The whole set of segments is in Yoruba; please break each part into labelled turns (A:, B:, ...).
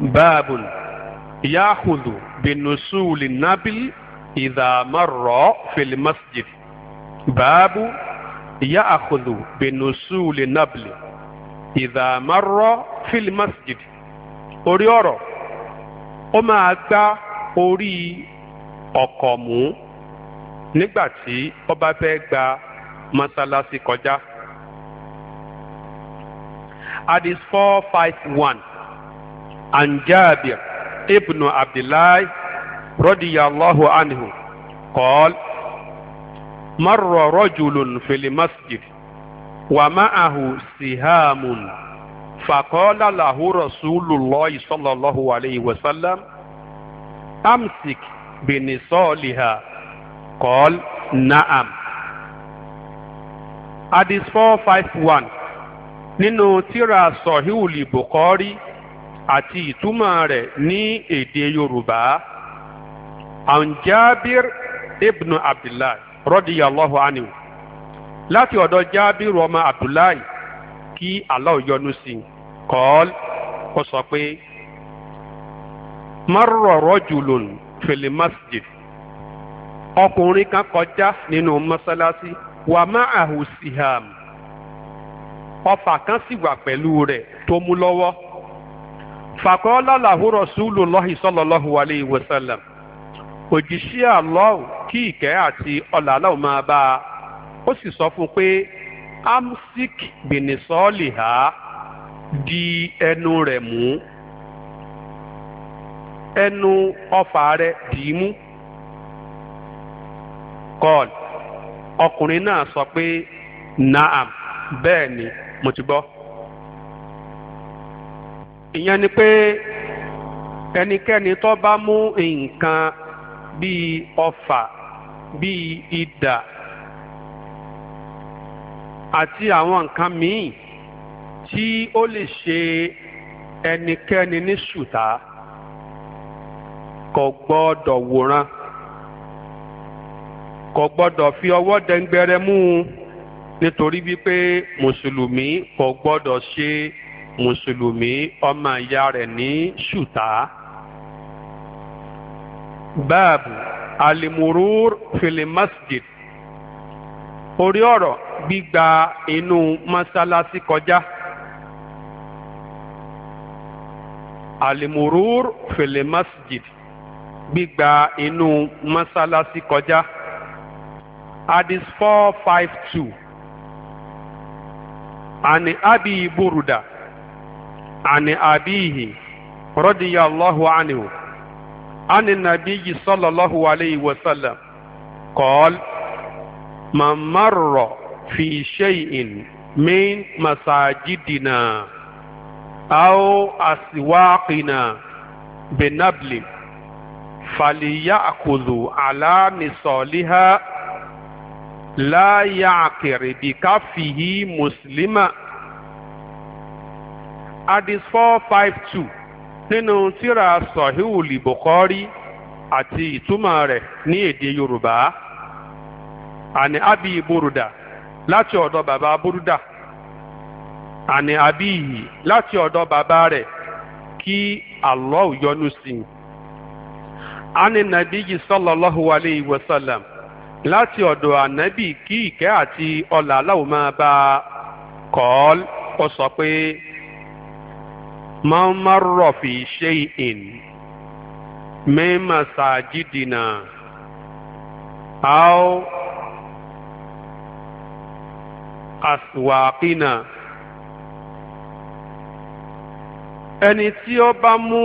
A: báàbùn yaahudu binusuuli nabil idàmárọ̀ filimasjid báàbù yaahudu binusuuli nabil idàmárọ̀ filimasjid orí ọ̀rọ̀ ó máa gbá orí ọkọ̀ mú nígbà tí ó bá fẹ́ gba mọ́sálásí kọjá. Hadith four five one. عن جابر ابن عبد الله رضي الله عنه قال مر رجل في المسجد ومعه سهام فقال له رسول الله صلى الله عليه وسلم أمسك بنصالها قال نعم Hadith 451 nínú tírà Sahihul Bukhari àti ìtumọ̀ rẹ̀ ní èdè yorùbá anjabir ibn abdullahi rọ́díyàlọ́hu anhu láti ọ̀dọ̀ jabir ọmọ abdullahi kí Allah yọnu sí i kọ́ọ́l ó sọ pé marra rajulun fil masjid ọkùnrin kan kọjá nínú mọ́sálásí wa ma'ahu siham ọfà kan sì wà pẹ̀lú rẹ̀ tó mú lọ́wọ́. fàkọ́lá làhúrọ̀ sùúlù lọ́hì wàlẹ́ kí ìkẹ́ àti ọ̀là aláwọ̀ máa bá a ó sì sọ fún un pé amsik bìnìsọ́ọ̀lì ha di ẹnu rẹ̀ mú ẹnu ọfà rẹ̀ dì í mú kọ́ọ̀lù ọkùnrin náà naam bẹ́ẹ̀ ni mo ìyẹn ni pé ẹnikẹ́ni tó bá mú nǹkan bíi ọfà bíi idà àti àwọn nǹkan míì tí ó lè ṣe ẹnikẹ́ni ní ṣùtá kò gbọ́dọ̀ wòran kò gbọ́dọ̀ fi ọwọ́ dẹ́ngbẹ́rẹ́ mú un nítorí wípé mùsùlùmí kò gbọ́dọ̀ ṣe é mùsùlùmí ọmọ ìyá rẹ̀ ní ṣùtá. báàbù alimurur fili masjid orí ọ̀rọ̀ gbígba inú mọ́sálásí kọjá. alimurur fili masjid gbígba inú mọ́sálásí kọjá. Hadis four five two. Ani Abi Buruda. عن أبيه رضي الله عنه عن النبي صلى الله عليه وسلم قال من مر في شيء من مساجدنا أو أسواقنا بنبل فليأخذوا على نصالها لا يعقر بكفه مسلما hadith 452 five two nínú tírà sahihul bukhari àti ìtumọ̀ rẹ̀ ní èdè yorùbá àní abi buruda láti ọ̀dọ̀ bàbá buruda àní abi yìí láti ọ̀dọ̀ bàbá rẹ̀ kí Allah yọ́nú sí i àní nàbíyí sallallahu alayhi wa láti ọ̀dọ̀ ànábì kí ìkẹ́ àti aláwo máa bá sọ pé. man marra fi shay'in min masajidina aw aswaqina ẹni tí ó bá mú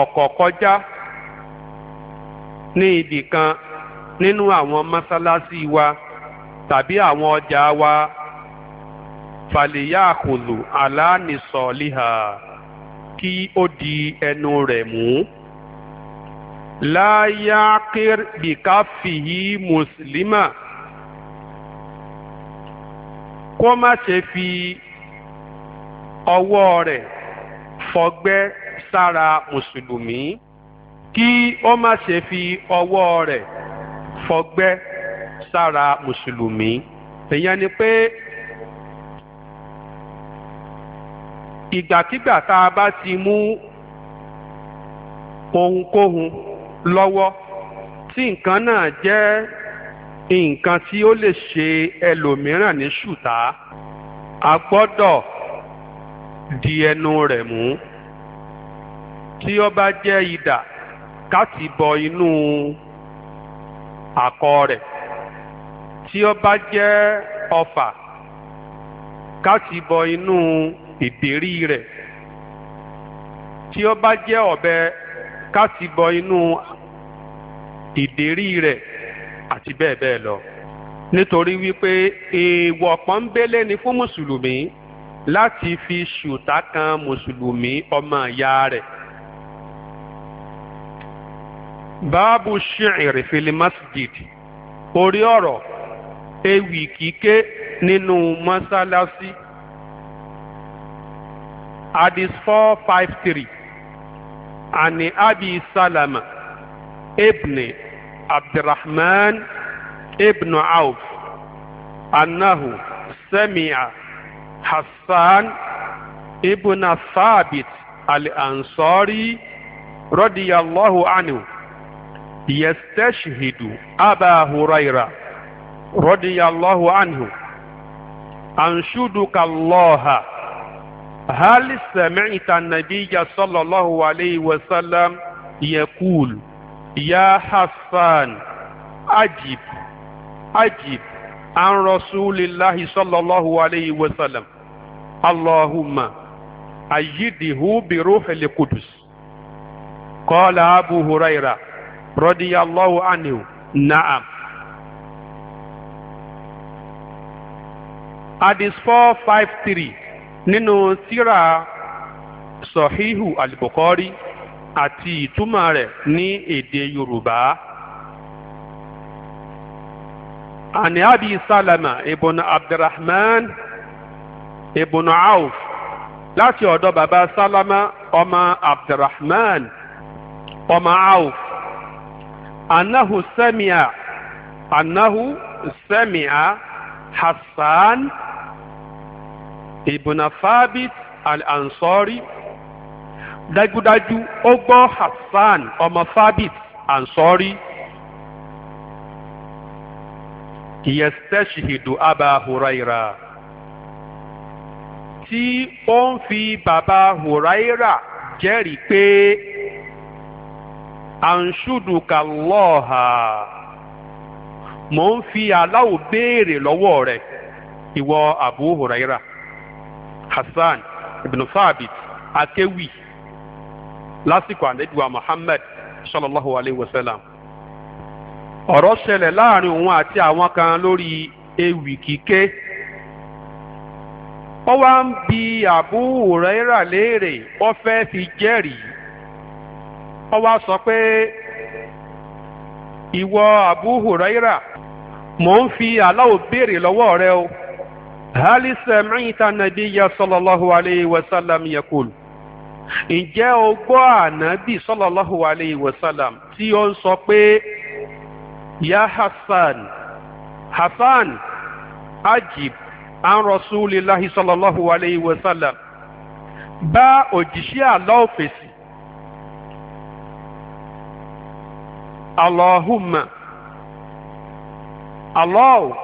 A: ọkọ̀ kọjá ní ibì kan nínú àwọn mọ́sálásí wa tàbí àwọn ọjà wa fàlìyà àkùlù aláàníṣọ́ọ́líhà. So kí ó di ẹnu rẹ̀ mú. láyàkìr bìkáfìhí mùsùlùmá kó má ṣe fi ọwọ́ rẹ̀ fọgbẹ́ sára mùsùlùmí kí ó má ṣe fi ọwọ́ rẹ̀ fọgbẹ́ sára mùsùlùmí èèyàn ni pé ìgbàkígbà tá a bá ti mú ohunkóhun lọ́wọ́ tí nǹkan náà jẹ́ nǹkan tí ó lè ṣe ẹlòmíràn ní ṣùtá a gbọ́dọ̀ di ẹnu rẹ̀ mú tí ó bá jẹ́ idà ká bọ inú àkọ rẹ̀ tí ó bá jẹ́ ọfà ká bọ inú ìdérí rẹ̀ tí ó bá jẹ́ ọ̀bẹ ká ti bọ inú ìdérí rẹ̀ àti bẹ́ẹ̀ bẹ́ẹ̀ lọ nítorí wípé èèwọ̀ pọ́nbélé ni fún mùsùlùmí láti fi ṣùtá kan mùsùlùmí ọmọ ìyá rẹ̀ báàbù ṣìrì fìlì masjidi orí ọ̀rọ̀ ewì kíké nínú mọ́sálásí. hadith 453 عن أبي سلمة ابن عبد الرحمن ابن عوف أنه سمع حسان ابن ثابت الأنصاري رضي الله عنه يستشهد أبا هريرة رضي الله عنه أنشدك الله هل سمعت النبي صلى الله عليه وسلم يقول يا حسان أجب أجب عن رسول الله صلى الله عليه وسلم اللهم أجده بروح القدس قال أبو هريرة رضي الله عنه نعم Hadith 453 nínú síra sọ̀híhù àlùbọ̀kọ́rí àti ìtumọ̀ rẹ̀ ní èdè yorùbá. عن أبي سلمة ابن عبد الرحمن ابن عوف láti ọ̀dọ̀ bàbá sálámà ọmọ abdulrahman ọmọ auf anahu sẹ́mìà anahu sẹ́mìà hasan ibùnà fábit al-ansori dájúdájú ó gbọ́ hasan ọmọ fábit ansori yẹstẹ́sìhìdù abba huraira tí ó ń fi bàbá huraira jẹ́rìí pé àǹṣùdùkà lọ́ọ̀hà mò ń fi aláwò béèrè lọ́wọ́ rẹ̀ ìwọ àbú huraira. Hassan ibn Thabit akéwì lásìkò àdédùwà Muhammad sallallahu alayhi wa sallam ọ̀rọ̀ ṣẹlẹ̀ láàrin òun àti àwọn kan lórí ewì kíké wọ́n wá ń bi Abu Huraira léèrè wọ́n fẹ́ fi jẹ́rìí wọ́n wá sọ pé ìwọ Abu Huraira mò ń fi aláwọ̀ béèrè lọ́wọ́ rẹ o hali sami'ta nabiyya sallallahu alayhi wa sallam yakul ǹjẹ́ o gbọ́ ànábì sallallahu alayhi wa sallam tí ó ń sọ pé ya hasan hasan ajib an rasulillahi sallallahu alayhi wa sallam bá òjìṣẹ́ àlọ́ òfèsì allahumma allah.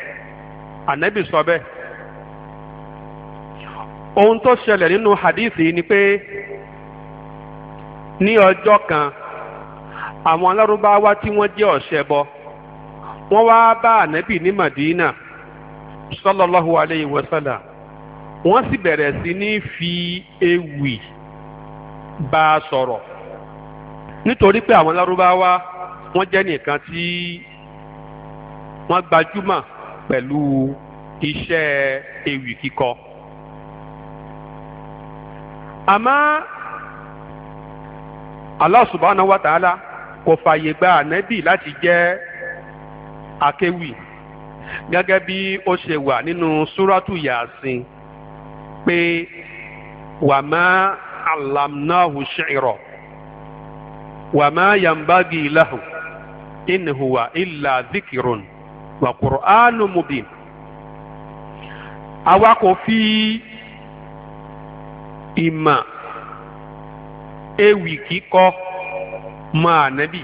A: ànábì sọ bẹ́ẹ̀ ohun tó ṣẹlẹ̀ nínú hadithi ni pé ní ọjọ́ kan àwọn alárúbáwá tí wọ́n jẹ́ ọ̀ṣẹbọ wọ́n wá bá ànábì ní Madina sallallahu alayhi wa sallam wọ́n sì bẹ̀rẹ̀ sí ní fi ewì bá a sọ̀rọ̀ nítorí pé àwọn alárúbáwá wọ́n jẹ́ nìkan tí wọ́n gbajúmọ̀ pẹ̀lú iṣẹ́ ewì kíkọ. àmọ́ Allah subhanahu kò fààyè gba ànábì láti jẹ́ akéwì gẹ́gẹ́ bí ó ṣe wà nínú súrátù yàsìn pé wàmá alamnahu shi'ra wàmá yambagi lahu in huwa illa wa Qur'anu mubin àwa kò fi ìmọ̀ ewì kíkọ mọ ànábì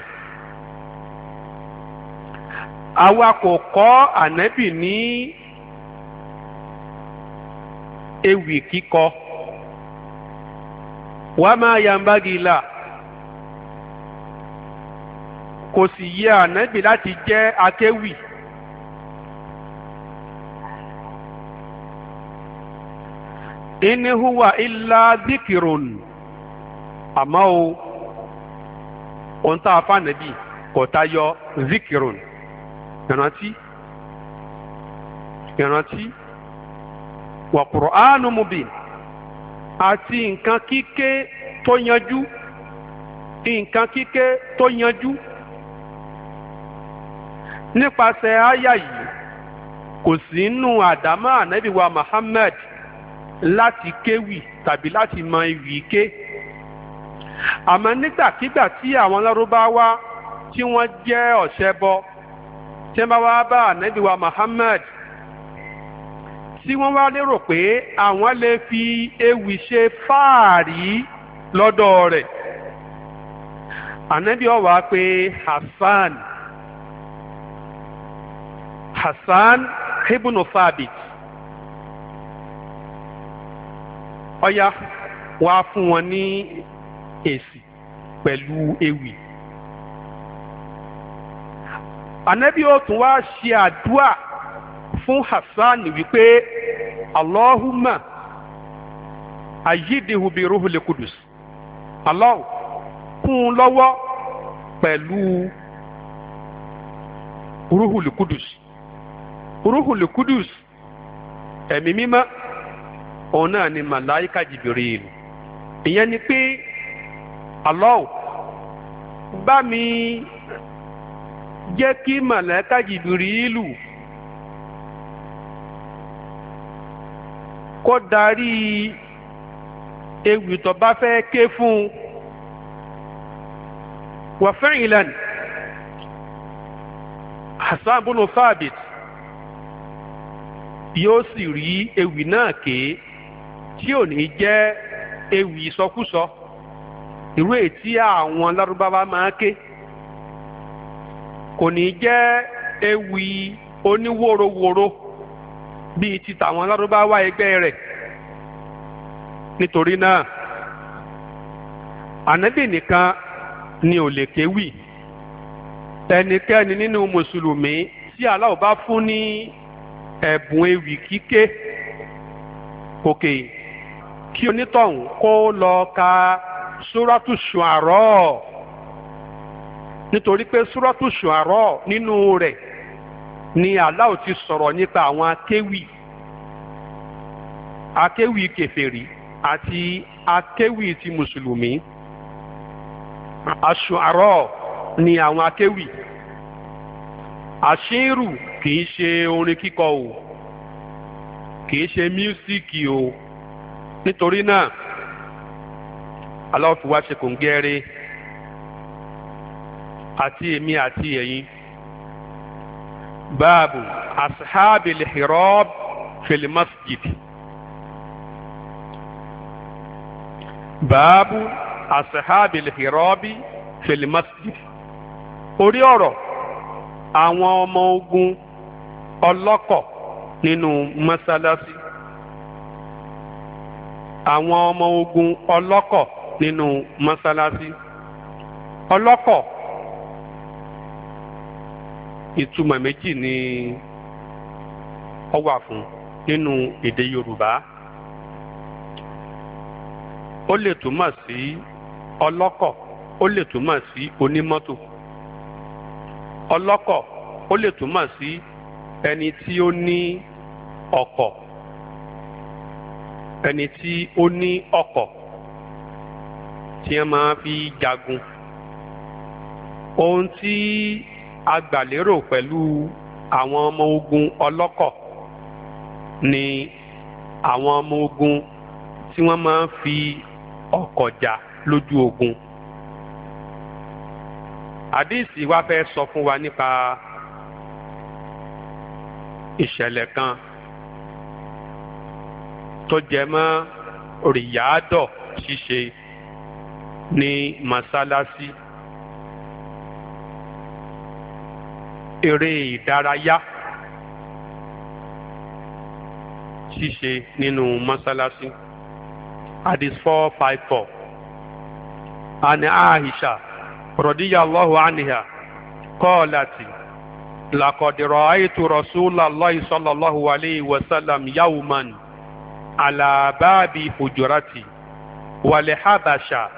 A: àwa kò kọ́ ànábì ní ewì kíkọ yambagi la kò sì yẹ ànábì láti jẹ́ akéwì. in huwa illa dhikirun àmọ́ o ohun tá a fa nàbí kò yọ dhikirun ìrántí ìrántí wa qur'anu mubin àti nkan kíké tó yanjú nkan kike tó yanjú nípasẹ̀ àyà yìí kò sí nù Muhammad láti kéwì tàbí láti mọ ewì ké àmọ́ nígbàkigbà tí àwọn lárúbáwá tí wọ́n jẹ́ ọ̀ṣẹbọ tí wọ́n bá wá bá ànábì wa Muhammad tí wọ́n wá lérò pé àwọn lè fi ewì ṣe fáàrí lọ́dọ̀ rẹ̀ ànábì ó wá pé Hassan Hassan ibùnú Fabit ọya wàá fún wọn ní èsì pẹ̀lú ewì. ànábì ó tún wá ṣe àdúà fún Hasan wípé Allahumma ayidihu bi ruhul kudus Allah kún un lọ́wọ́ pẹ̀lú ruhul kudus ruhul kudus ẹ̀mí mímọ́. òun náà ni màláìka Jibril ìyẹn ni pé Allah bá mi jẹ́ kí màláìka Jibrilu kó darí ewì tó bá fẹ́ ké fún wà fẹ́ ìlànà Hasan bunu Thabit yóò sì rí ewì náà ké. tí ò ní jẹ́ ewì ìsọkúsọ irú ètí àwọn lárúbáwá máa ké kò ní jẹ́ ewì oníwòrowòro bíi ti tàwọn lárúbáwá ẹgbẹ́ rẹ̀ nítorí náà ànábì nìkan ni ò lè kéwì ẹnikẹ́ni nínú mùsùlùmí tí Allah bá fún ní ẹ̀bùn ewì kíké kòkè. Okay kí onítọ̀hún kó lọ ka súrọ́tù ṣùàrọ̀ nítorí pé súrọ́tù ṣùàrọ̀ nínú rẹ̀ ni Allah ti sọ̀rọ̀ nípa àwọn akéwì akéwì kèfèrí àti akéwì ti mùsùlùmí aṣùàrọ̀ ni àwọn akéwì àṣírù kì í ṣe orin kíkọ o kì í ṣe mísíkì o nítorí náà aláwọ̀ fi wá ṣe kò ń gẹ́rẹ́ àti èmi àti ẹ̀yin báàbù asahabil hirab fil masjid báàbù asahabil hirab fil masjid orí ọ̀rọ̀ àwọn ọmọ ogun ọlọ́kọ̀ nínú mọ́sálásí àwọn ọmọ ogun ọlọ́kọ̀ nínú mọ́sálásí ọlọ́kọ̀ ìtumọ̀ méjì ni ó wà fún nínú èdè Yorùbá ó lè túmọ̀ sí ọlọ́kọ̀ ó lè túmọ̀ sí onímọ́tò ọlọ́kọ̀ ó lè túmọ̀ sí ẹni tí ó ní ọkọ̀ ẹni tí ó ní ọkọ̀ tí wọ́n máa fi jagun ohun tí a gbà lérò pẹ̀lú àwọn ọmọ ogun ọlọ́kọ̀ ni àwọn ọmọ ogun tí wọ́n máa ń fi ọkọ̀ jà lójú ogun àdìsí wa fẹ́ sọ fún wa nípa ìṣẹ̀lẹ̀ kan tó jẹ mọ́ rìyádọ̀ ṣíṣe ní mọ́sálásí eré ìdárayá ṣíṣe nínú mọ́sálásí hadith four five four ani aisha radiyallahu anha qalati laqad ra'aytu rasulallahi sallallahu alayhi wa sallam yawman. على باب حجرتي والحبشة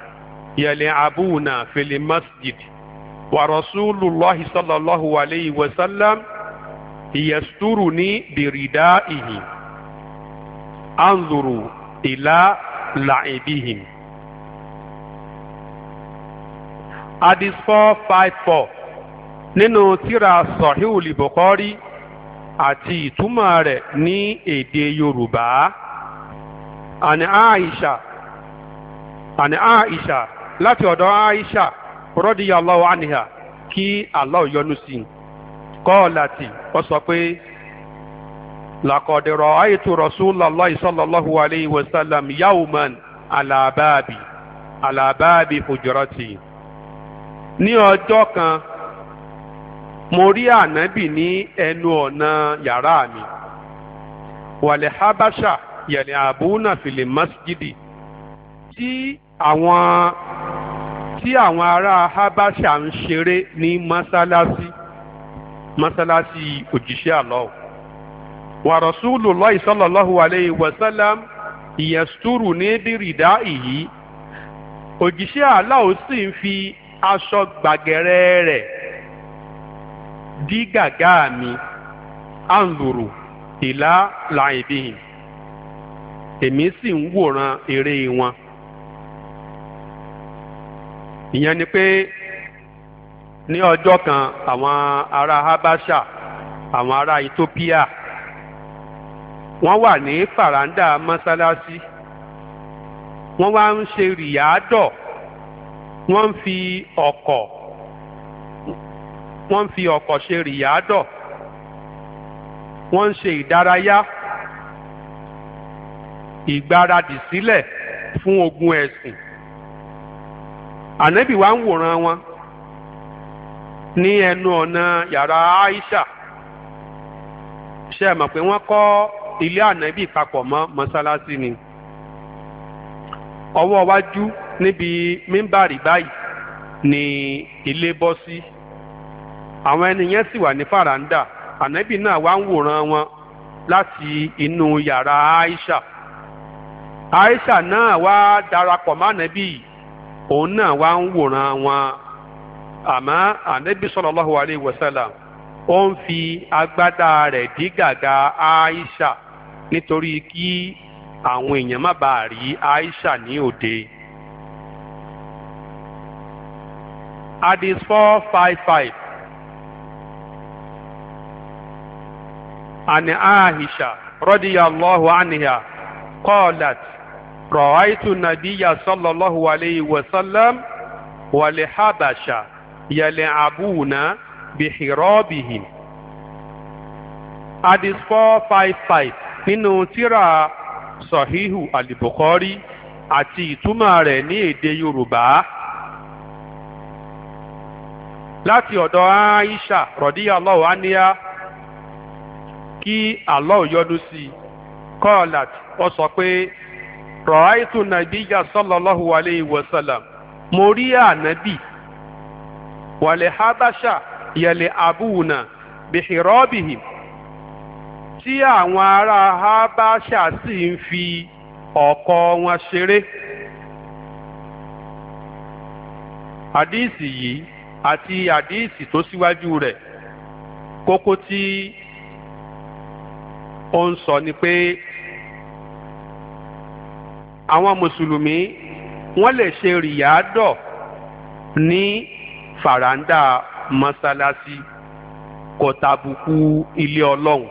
A: يلعبون في المسجد ورسول الله صلى الله عليه وسلم يسترني بردائه انظروا إلى لعبهم Hadis 454 nínú tírà Sahihul Bukhari àti ìtumọ̀ rẹ̀ ní èdè Yorùbá àní Aisha àní Aisha láti ọ̀dọ̀ Aisha radiyallahu anha kí Allah yọ́nú sí i kọ́ọ̀láti ó sọ pé làkọ̀dẹ̀rọ̀ àìtú Rasulullahi sallallahu alayhi wa sallam yawman ala babi ala babi hujrati ní ọjọ́ kan mo rí ànábì ní ẹnu ọ̀nà yàrá mi wàlẹ̀ habasha yẹ̀lẹ̀ àbúnà fìlè masjidi tí àwọn tí àwọn ará habasha ń ṣeré ní mọ́sálásí mọ́sálásí òjíṣẹ́ àlọ́ wa Rasulullahi sallallahu alayhi wa sallam ìyẹ̀stúrù ní bírìdá ìyí òjíṣẹ́ Allah sì ń fi aṣọ gbàgẹ̀rẹ́ rẹ̀ dí gàgá mi anzuru ìlà làìbíhìn. èmi sì ń wòran eré wọn. ìyẹn ni pé ní ọjọ́ kan àwọn ará Habasha àwọn ará Ethiopia wọ́n wà ní faranda mọ́sálásí wọ́n wá ń ṣe rìyádọ̀ wọ́n ń fi ọkọ̀ wọ́n ń fi ọ̀kọ̀ ṣe rìyádọ̀ wọ́n ń ṣe ìdárayá. ìgbáradì sílẹ̀ fún ogun ẹ̀sìn ànábì wa ń wòran wọn ní ẹnu ọ̀nà yàrá Aisha ṣe é mọ̀ pé wọ́n kọ́ ilé ànábì papọ̀ mọ́ mọ́sálásí ni ọwọ́ wájú níbi mímbàrì báyìí ni ilé bọ́ sí àwọn ènìyàn sì wà ní fàràǹdà ànábì náà wá ń wòran wọn láti inú yàrá Aisha. aisha náà wá darapọ̀ mọ́ ànábì òun náà wá ń wòran wọn àmọ́ ànábì sallallahu alayhi wa ó ń fi agbádá rẹ̀ dí gàga aisha nítorí kí àwọn èèyàn má bàa rí aisha ní òde. four five five. rọ̀ọ́ìtù nàbíyà sọ́lọ́lọ́hu aleyhi wasalam wale habasha yẹlẹ̀ abúna bìhìrọ́bìhì. Adis four five five nínú alibokori àti ìtumọ̀ rẹ̀ ní èdè Yorùbá. Láti ọ̀dọ̀ Aisha rọ̀díyàlọ́wọ́ áníyá kí Allah yọ́nú sí i. Kọ́ọ̀làt sọ pé. rọ̀ọ́ìtù nàbíyà sallallahu alayhi wa sallam nabi rí ànábì wàlẹ̀ habasha yẹlẹ̀ abúna bìhìrọ́bìhìm tí àwọn ará habasha si n fi ọ̀kọ̀ wọn ṣeré. àdíìsì yìí àti àdíìsì tó síwájú rẹ̀ kókó tí o n sọ ni pé àwọn mùsùlùmí wọ́n lè ṣe rìyádọ̀ ní fàràǹdà mọ́sálásí kò tàbùkù ilé ọlọ́run.